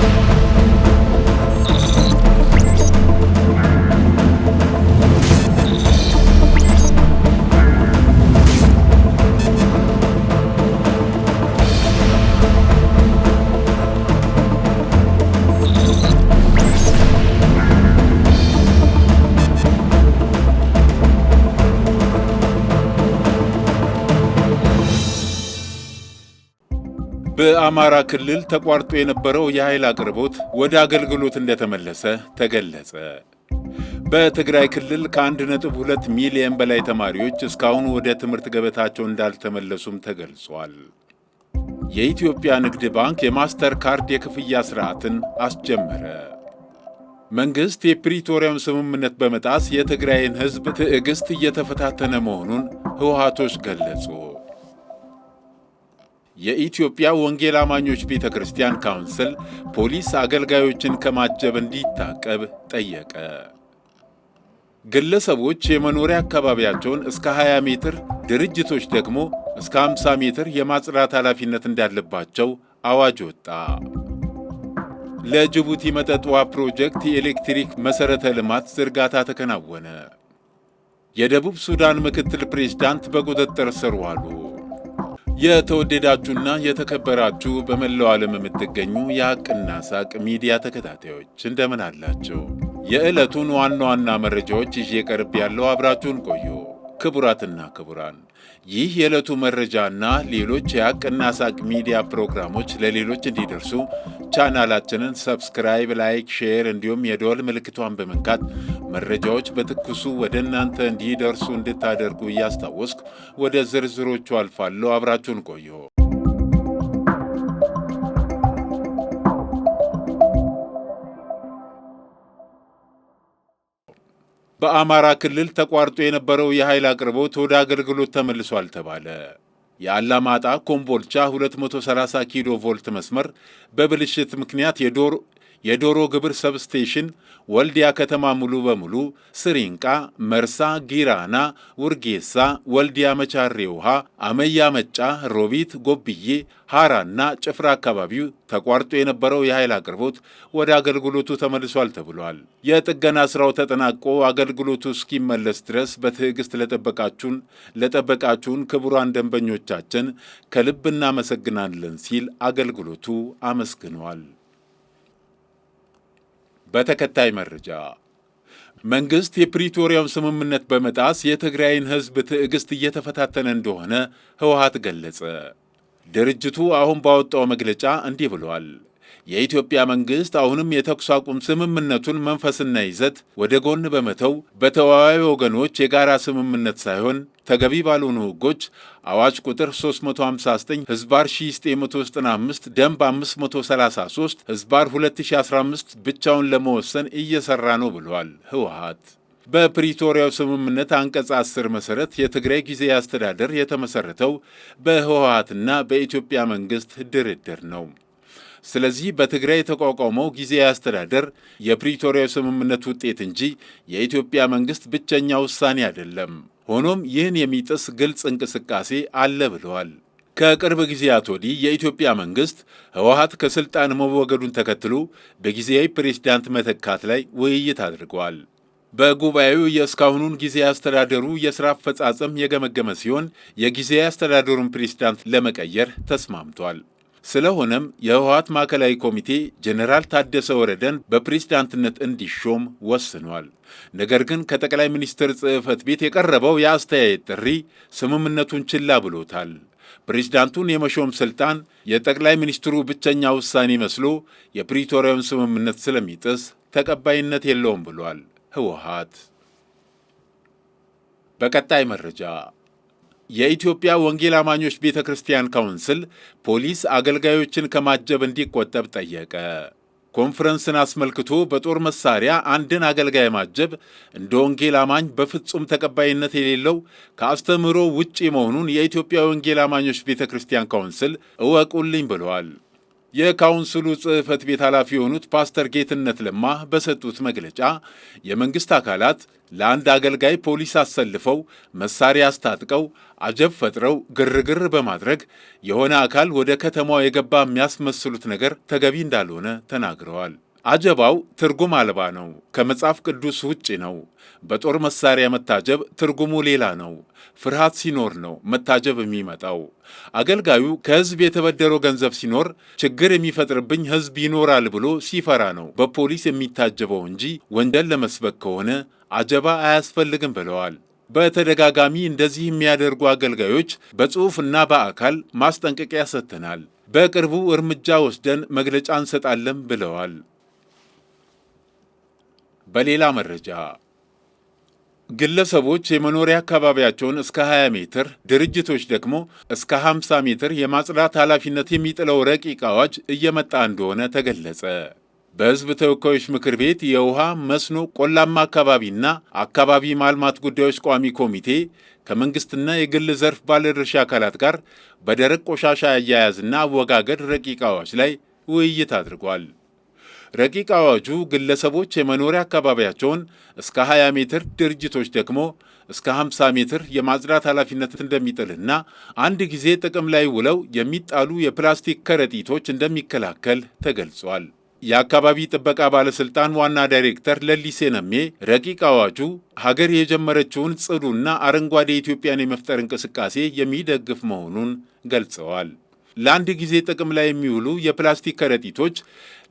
Thank you. በአማራ ክልል ተቋርጦ የነበረው የኃይል አቅርቦት ወደ አገልግሎት እንደተመለሰ ተገለጸ። በትግራይ ክልል ከ1.2 ሚሊየን በላይ ተማሪዎች እስካሁን ወደ ትምህርት ገበታቸው እንዳልተመለሱም ተገልጿል። የኢትዮጵያ ንግድ ባንክ የማስተር ካርድ የክፍያ ሥርዓትን አስጀመረ። መንግሥት የፕሪቶሪያውን ስምምነት በመጣስ የትግራይን ሕዝብ ትዕግሥት እየተፈታተነ መሆኑን ህወሃቶች ገለጹ። የኢትዮጵያ ወንጌል አማኞች ቤተ ክርስቲያን ካውንስል ፖሊስ አገልጋዮችን ከማጀብ እንዲታቀብ ጠየቀ። ግለሰቦች የመኖሪያ አካባቢያቸውን እስከ 20 ሜትር፣ ድርጅቶች ደግሞ እስከ 50 ሜትር የማጽዳት ኃላፊነት እንዳለባቸው አዋጅ ወጣ። ለጅቡቲ መጠጥ ውሃ ፕሮጀክት የኤሌክትሪክ መሠረተ ልማት ዝርጋታ ተከናወነ። የደቡብ ሱዳን ምክትል ፕሬዝዳንት በቁጥጥር ስር ዋሉ። የተወደዳችሁና የተከበራችሁ በመላው ዓለም የምትገኙ የሐቅና ሳቅ ሚዲያ ተከታታዮች እንደምን አላችሁ? የዕለቱን ዋና ዋና መረጃዎች ይዤ ቀርብ ያለው አብራችሁን ቆዩ። ክቡራትና ክቡራን ይህ የዕለቱ መረጃና ሌሎች የሐቅና ሳቅ ሚዲያ ፕሮግራሞች ለሌሎች እንዲደርሱ ቻናላችንን ሰብስክራይብ፣ ላይክ፣ ሼር እንዲሁም የደወል ምልክቷን በመንካት መረጃዎች በትኩሱ ወደ እናንተ እንዲደርሱ እንድታደርጉ እያስታወስኩ ወደ ዝርዝሮቹ አልፋለሁ። አብራችሁን ቆዩ። በአማራ ክልል ተቋርጦ የነበረው የኃይል አቅርቦት ወደ አገልግሎት ተመልሷል ተባለ። የአላማጣ ኮምቦልቻ 230 ኪሎ ቮልት መስመር በብልሽት ምክንያት የዶር ። የዶሮ ግብር ሰብስቴሽን ወልዲያ ከተማ ሙሉ በሙሉ፣ ስሪንቃ፣ መርሳ፣ ጊራና፣ ውርጌሳ፣ ወልዲያ መቻሬ ውሃ፣ አመያ መጫ፣ ሮቢት፣ ጎብዬ፣ ሐራና ጭፍራ አካባቢው ተቋርጦ የነበረው የኃይል አቅርቦት ወደ አገልግሎቱ ተመልሷል ተብሏል። የጥገና ስራው ተጠናቆ አገልግሎቱ እስኪመለስ ድረስ በትዕግስት ለጠበቃችሁን ለጠበቃችሁን ክቡራን ደንበኞቻችን ከልብ እናመሰግናለን ሲል አገልግሎቱ አመስግነዋል። በተከታይ መረጃ መንግስት የፕሪቶሪያውን ስምምነት በመጣስ የትግራይን ህዝብ ትዕግስት እየተፈታተነ እንደሆነ ህወሀት ገለጸ። ድርጅቱ አሁን ባወጣው መግለጫ እንዲህ ብሏል። የኢትዮጵያ መንግስት አሁንም የተኩስ አቁም ስምምነቱን መንፈስና ይዘት ወደ ጎን በመተው በተወያዩ ወገኖች የጋራ ስምምነት ሳይሆን ተገቢ ባልሆኑ ህጎች አዋጅ ቁጥር 359 ህዝባር 1995 ደንብ 533 ህዝባር 2015 ብቻውን ለመወሰን እየሰራ ነው ብሏል ህወሀት። በፕሪቶሪያው ስምምነት አንቀጽ 10 መሠረት የትግራይ ጊዜ አስተዳደር የተመሠረተው በህወሀትና በኢትዮጵያ መንግሥት ድርድር ነው። ስለዚህ በትግራይ የተቋቋመው ጊዜያዊ አስተዳደር የፕሪቶሪያው ስምምነት ውጤት እንጂ የኢትዮጵያ መንግሥት ብቸኛ ውሳኔ አይደለም። ሆኖም ይህን የሚጥስ ግልጽ እንቅስቃሴ አለ ብለዋል። ከቅርብ ጊዜያት ወዲህ የኢትዮጵያ መንግስት ህወሀት ከስልጣን መወገዱን ተከትሎ በጊዜያዊ ፕሬዝዳንት መተካት ላይ ውይይት አድርገዋል። በጉባኤው የእስካሁኑን ጊዜ አስተዳደሩ የሥራ አፈጻጸም የገመገመ ሲሆን የጊዜያዊ አስተዳደሩን ፕሬዝዳንት ለመቀየር ተስማምቷል። ስለሆነም የህወሀት ማዕከላዊ ኮሚቴ ጀኔራል ታደሰ ወረደን በፕሬዝዳንትነት እንዲሾም ወስኗል። ነገር ግን ከጠቅላይ ሚኒስትር ጽህፈት ቤት የቀረበው የአስተያየት ጥሪ ስምምነቱን ችላ ብሎታል። ፕሬዝዳንቱን የመሾም ስልጣን የጠቅላይ ሚኒስትሩ ብቸኛ ውሳኔ መስሎ የፕሪቶሪያውን ስምምነት ስለሚጥስ ተቀባይነት የለውም ብሏል ህወሀት። በቀጣይ መረጃ የኢትዮጵያ ወንጌል አማኞች ቤተ ክርስቲያን ካውንስል ፖሊስ አገልጋዮችን ከማጀብ እንዲቆጠብ ጠየቀ። ኮንፈረንስን አስመልክቶ በጦር መሳሪያ አንድን አገልጋይ ማጀብ እንደ ወንጌል አማኝ በፍጹም ተቀባይነት የሌለው ከአስተምህሮ ውጪ መሆኑን የኢትዮጵያ ወንጌል አማኞች ቤተ ክርስቲያን ካውንስል እወቁልኝ ብለዋል። የካውንስሉ ጽህፈት ቤት ኃላፊ የሆኑት ፓስተር ጌትነት ለማ በሰጡት መግለጫ የመንግሥት አካላት ለአንድ አገልጋይ ፖሊስ አሰልፈው መሳሪያ አስታጥቀው አጀብ ፈጥረው ግርግር በማድረግ የሆነ አካል ወደ ከተማው የገባ የሚያስመስሉት ነገር ተገቢ እንዳልሆነ ተናግረዋል። አጀባው ትርጉም አልባ ነው። ከመጽሐፍ ቅዱስ ውጭ ነው። በጦር መሳሪያ መታጀብ ትርጉሙ ሌላ ነው። ፍርሃት ሲኖር ነው መታጀብ የሚመጣው። አገልጋዩ ከሕዝብ የተበደረው ገንዘብ ሲኖር ችግር የሚፈጥርብኝ ሕዝብ ይኖራል ብሎ ሲፈራ ነው በፖሊስ የሚታጀበው እንጂ ወንጀል ለመስበክ ከሆነ አጀባ አያስፈልግም ብለዋል። በተደጋጋሚ እንደዚህ የሚያደርጉ አገልጋዮች በጽሑፍና በአካል ማስጠንቀቂያ ሰጥተናል፣ በቅርቡ እርምጃ ወስደን መግለጫ እንሰጣለን ብለዋል። በሌላ መረጃ ግለሰቦች የመኖሪያ አካባቢያቸውን እስከ 20 ሜትር ድርጅቶች ደግሞ እስከ 50 ሜትር የማጽዳት ኃላፊነት የሚጥለው ረቂቅ አዋጅ እየመጣ እንደሆነ ተገለጸ። በሕዝብ ተወካዮች ምክር ቤት የውሃ መስኖ፣ ቆላማ አካባቢና አካባቢ ማልማት ጉዳዮች ቋሚ ኮሚቴ ከመንግሥትና የግል ዘርፍ ባለድርሻ አካላት ጋር በደረቅ ቆሻሻ አያያዝና አወጋገድ ረቂቅ አዋጅ ላይ ውይይት አድርጓል። ረቂቅ አዋጁ ግለሰቦች የመኖሪያ አካባቢያቸውን እስከ 20 ሜትር፣ ድርጅቶች ደግሞ እስከ 50 ሜትር የማጽዳት ኃላፊነት እንደሚጥልና አንድ ጊዜ ጥቅም ላይ ውለው የሚጣሉ የፕላስቲክ ከረጢቶች እንደሚከላከል ተገልጿል። የአካባቢ ጥበቃ ባለስልጣን ዋና ዳይሬክተር ለሊሴ ነሜ ረቂቅ አዋጁ ሀገር የጀመረችውን ጽዱና አረንጓዴ ኢትዮጵያን የመፍጠር እንቅስቃሴ የሚደግፍ መሆኑን ገልጸዋል። ለአንድ ጊዜ ጥቅም ላይ የሚውሉ የፕላስቲክ ከረጢቶች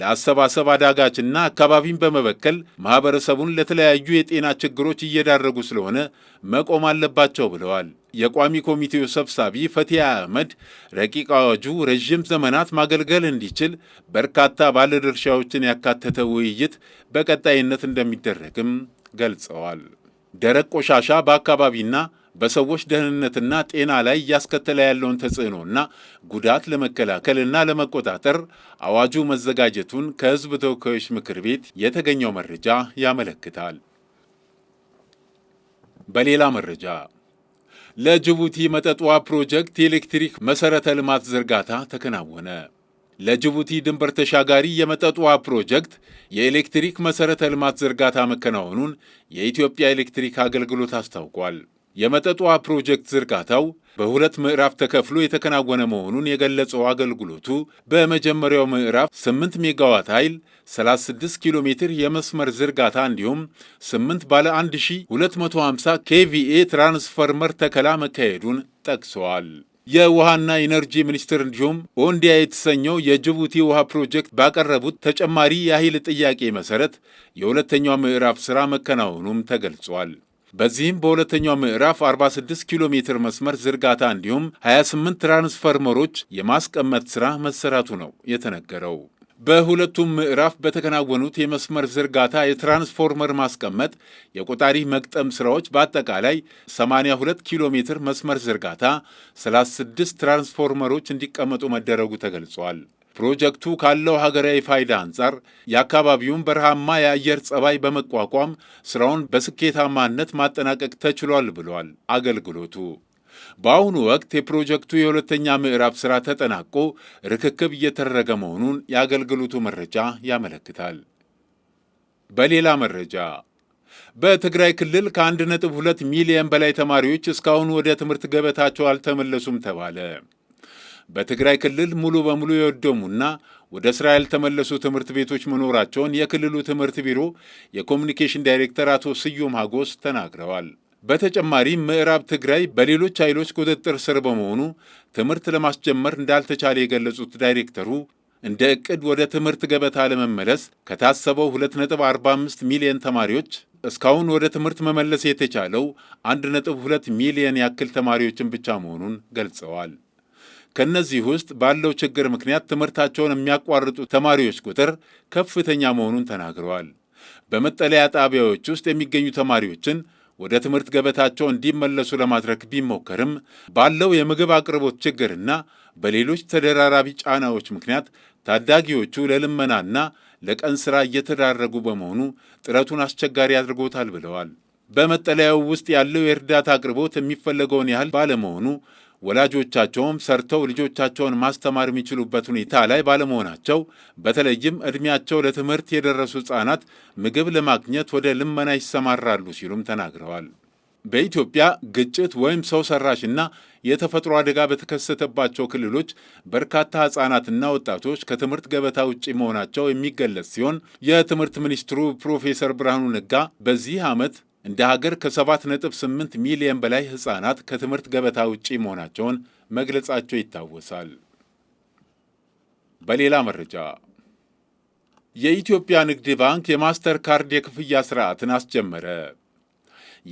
ለአሰባሰብ አዳጋችና አካባቢን በመበከል ማኅበረሰቡን ለተለያዩ የጤና ችግሮች እየዳረጉ ስለሆነ መቆም አለባቸው ብለዋል። የቋሚ ኮሚቴው ሰብሳቢ ፈቲያ አህመድ ረቂቅ አዋጁ ረዥም ዘመናት ማገልገል እንዲችል በርካታ ባለድርሻዎችን ያካተተ ውይይት በቀጣይነት እንደሚደረግም ገልጸዋል። ደረቅ ቆሻሻ በአካባቢና በሰዎች ደህንነትና ጤና ላይ እያስከተለ ያለውን ተጽዕኖና ጉዳት ለመከላከልና ለመቆጣጠር አዋጁ መዘጋጀቱን ከሕዝብ ተወካዮች ምክር ቤት የተገኘው መረጃ ያመለክታል። በሌላ መረጃ ለጅቡቲ መጠጧ ፕሮጀክት የኤሌክትሪክ መሠረተ ልማት ዝርጋታ ተከናወነ። ለጅቡቲ ድንበር ተሻጋሪ የመጠጥ ውሃ ፕሮጀክት የኤሌክትሪክ መሠረተ ልማት ዝርጋታ መከናወኑን የኢትዮጵያ ኤሌክትሪክ አገልግሎት አስታውቋል። የመጠጥ ውሃ ፕሮጀክት ዝርጋታው በሁለት ምዕራፍ ተከፍሎ የተከናወነ መሆኑን የገለጸው አገልግሎቱ በመጀመሪያው ምዕራፍ 8 ሜጋዋት ኃይል 36 ኪሎ ሜትር የመስመር ዝርጋታ እንዲሁም 8 ባለ 1250 ኬቪኤ ትራንስፈርመር ተከላ መካሄዱን ጠቅሰዋል። የውሃና ኢነርጂ ሚኒስቴር እንዲሁም ኦንዲያ የተሰኘው የጅቡቲ ውሃ ፕሮጀክት ባቀረቡት ተጨማሪ የኃይል ጥያቄ መሰረት የሁለተኛው ምዕራፍ ሥራ መከናወኑም ተገልጿል። በዚህም በሁለተኛው ምዕራፍ 46 ኪሎ ሜትር መስመር ዝርጋታ እንዲሁም 28 ትራንስፈርመሮች የማስቀመጥ ሥራ መሰራቱ ነው የተነገረው። በሁለቱም ምዕራፍ በተከናወኑት የመስመር ዝርጋታ የትራንስፎርመር ማስቀመጥ፣ የቆጣሪ መግጠም ስራዎች በአጠቃላይ 82 ኪሎ ሜትር መስመር ዝርጋታ 36 ትራንስፎርመሮች እንዲቀመጡ መደረጉ ተገልጿል። ፕሮጀክቱ ካለው ሀገራዊ ፋይዳ አንጻር የአካባቢውን በረሃማ የአየር ጸባይ በመቋቋም ስራውን በስኬታማነት ማጠናቀቅ ተችሏል ብሏል አገልግሎቱ። በአሁኑ ወቅት የፕሮጀክቱ የሁለተኛ ምዕራፍ ሥራ ተጠናቆ ርክክብ እየተደረገ መሆኑን የአገልግሎቱ መረጃ ያመለክታል። በሌላ መረጃ በትግራይ ክልል ከ1.2 ሚሊየን በላይ ተማሪዎች እስካሁን ወደ ትምህርት ገበታቸው አልተመለሱም ተባለ። በትግራይ ክልል ሙሉ በሙሉ የወደሙና ወደ እስራኤል ያልተመለሱ ትምህርት ቤቶች መኖራቸውን የክልሉ ትምህርት ቢሮ የኮሚኒኬሽን ዳይሬክተር አቶ ስዩም ሀጎስ ተናግረዋል። በተጨማሪም ምዕራብ ትግራይ በሌሎች ኃይሎች ቁጥጥር ስር በመሆኑ ትምህርት ለማስጀመር እንዳልተቻለ የገለጹት ዳይሬክተሩ እንደ ዕቅድ ወደ ትምህርት ገበታ ለመመለስ ከታሰበው 2.45 ሚሊዮን ተማሪዎች እስካሁን ወደ ትምህርት መመለስ የተቻለው 1.2 ሚሊዮን ያክል ተማሪዎችን ብቻ መሆኑን ገልጸዋል። ከእነዚህ ውስጥ ባለው ችግር ምክንያት ትምህርታቸውን የሚያቋርጡ ተማሪዎች ቁጥር ከፍተኛ መሆኑን ተናግረዋል። በመጠለያ ጣቢያዎች ውስጥ የሚገኙ ተማሪዎችን ወደ ትምህርት ገበታቸው እንዲመለሱ ለማድረግ ቢሞከርም ባለው የምግብ አቅርቦት ችግርና በሌሎች ተደራራቢ ጫናዎች ምክንያት ታዳጊዎቹ ለልመናና ለቀን ሥራ እየተዳረጉ በመሆኑ ጥረቱን አስቸጋሪ አድርጎታል ብለዋል። በመጠለያው ውስጥ ያለው የእርዳታ አቅርቦት የሚፈለገውን ያህል ባለመሆኑ ወላጆቻቸውም ሰርተው ልጆቻቸውን ማስተማር የሚችሉበት ሁኔታ ላይ ባለመሆናቸው በተለይም ዕድሜያቸው ለትምህርት የደረሱ ሕፃናት ምግብ ለማግኘት ወደ ልመና ይሰማራሉ ሲሉም ተናግረዋል። በኢትዮጵያ ግጭት ወይም ሰው ሰራሽና የተፈጥሮ አደጋ በተከሰተባቸው ክልሎች በርካታ ሕፃናትና ወጣቶች ከትምህርት ገበታ ውጪ መሆናቸው የሚገለጽ ሲሆን የትምህርት ሚኒስትሩ ፕሮፌሰር ብርሃኑ ነጋ በዚህ ዓመት እንደ ሀገር ከ7.8 ሚሊዮን በላይ ሕፃናት ከትምህርት ገበታ ውጪ መሆናቸውን መግለጻቸው ይታወሳል። በሌላ መረጃ የኢትዮጵያ ንግድ ባንክ የማስተር ካርድ የክፍያ ስርዓትን አስጀመረ።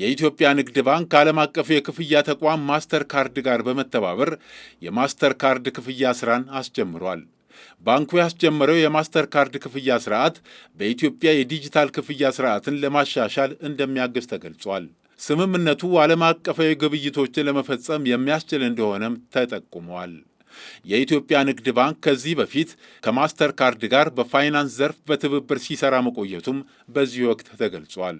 የኢትዮጵያ ንግድ ባንክ ከዓለም አቀፉ የክፍያ ተቋም ማስተር ካርድ ጋር በመተባበር የማስተር ካርድ ክፍያ ስራን አስጀምሯል። ባንኩ ያስጀመረው የማስተር ካርድ ክፍያ ስርዓት በኢትዮጵያ የዲጂታል ክፍያ ስርዓትን ለማሻሻል እንደሚያግዝ ተገልጿል። ስምምነቱ ዓለም አቀፋዊ ግብይቶችን ለመፈጸም የሚያስችል እንደሆነም ተጠቁመዋል። የኢትዮጵያ ንግድ ባንክ ከዚህ በፊት ከማስተር ካርድ ጋር በፋይናንስ ዘርፍ በትብብር ሲሰራ መቆየቱም በዚህ ወቅት ተገልጿል።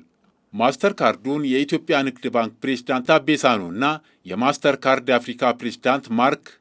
ማስተር ካርዱን የኢትዮጵያ ንግድ ባንክ ፕሬዝዳንት አቤሳኑ እና የማስተር ካርድ አፍሪካ ፕሬዝዳንት ማርክ